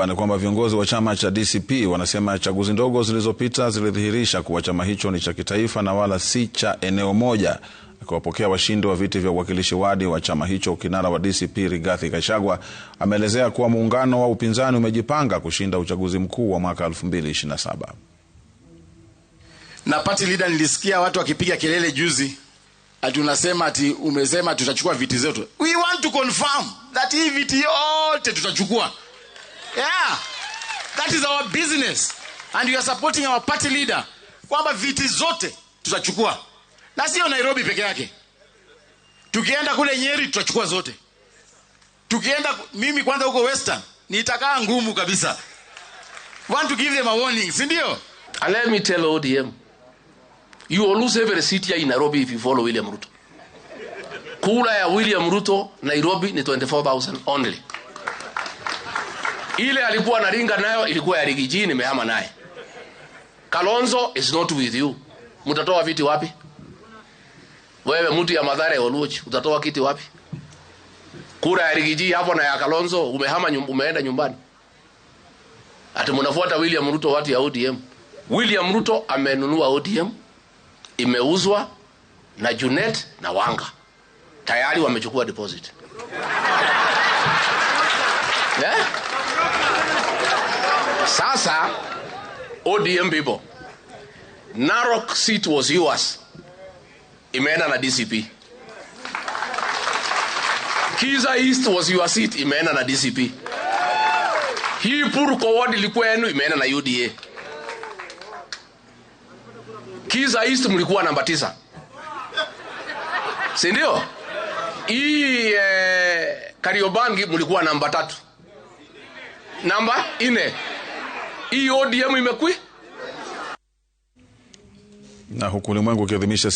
Saba ni kwamba viongozi wa chama cha DCP wanasema chaguzi ndogo zilizopita zilidhihirisha kuwa chama hicho ni cha kitaifa na wala si cha eneo moja. Akiwapokea washindi wa viti vya uwakilishi wadi wa chama hicho, kinara wa DCP Rigathi Gachagua ameelezea kuwa muungano wa upinzani umejipanga kushinda uchaguzi mkuu wa mwaka 2027. Na party leader, nilisikia watu wakipiga kelele juzi ati unasema ati umesema tutachukua viti zetu. We want to confirm that hii viti yote tutachukua yeah that is our business and you are supporting our party leader kwamba viti zote tutachukua na sio nairobi peke yake tukienda kule nyeri tutachukua zote tukienda mimi kwanza huko western nitakaa ngumu kabisa want to give them a warning sindio and uh, let me tell odm you will lose every city in nairobi if you follow william ruto kula ya william ruto nairobi ni 24000 only ile alikuwa analinga nayo ilikuwa ya ligi jini, nimehama naye. Kalonzo is not with you. Mtatoa viti wapi? Wewe mtu ya madhara ya Oluoch, utatoa kiti wapi? Kura ya Rigiji hapo na ya Kalonzo umehama nyum, umeenda nyumbani. Ati mnafuata William Ruto watu ya ODM. William Ruto amenunua ODM, imeuzwa na Junet na Wanga. Tayari wamechukua deposit. Yeah? Sasa ODM people, Narok seat was yours, imeenda na DCP. Kiza East was your seat, imeenda na DCP. Hii Purko ward ilikuwa yenu, imeenda na UDA. Kiza East mlikuwa namba tisa, sindio Hii eh, Kariobangi mlikuwa namba tatu, namba ine hii ODM imekwi na huku ulimwengu ukiadhimisha